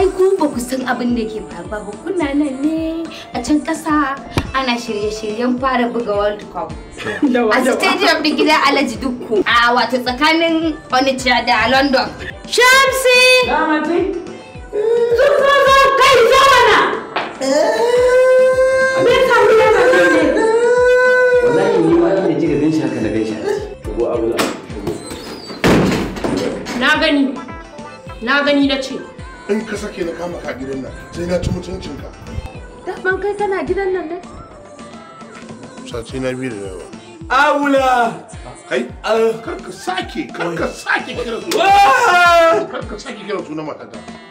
ai ku ba ku san abin da ke faruwa ba kuna nan ne a can ƙasa ana shirye-shiryen fara buga World Cup. A stadium da gidan Alhaji Dukku a wato tsakanin Onitsha da London. Shamsi! Damati? Zuwa zo kai zo mana! Me ka fi da ka ne? Wallahi ni ma da kika gan shi haka na gan shi. Ko abu na. Na gani. Na gani na ce. in ka sake na kama ka gidan nan sai na ci mutuncin ka daban kai kana gidan nan ne sati na biyu da yawa awula kai ah. kar ka sake kar ka sake kira suna ah! kar ka sake kira suna matata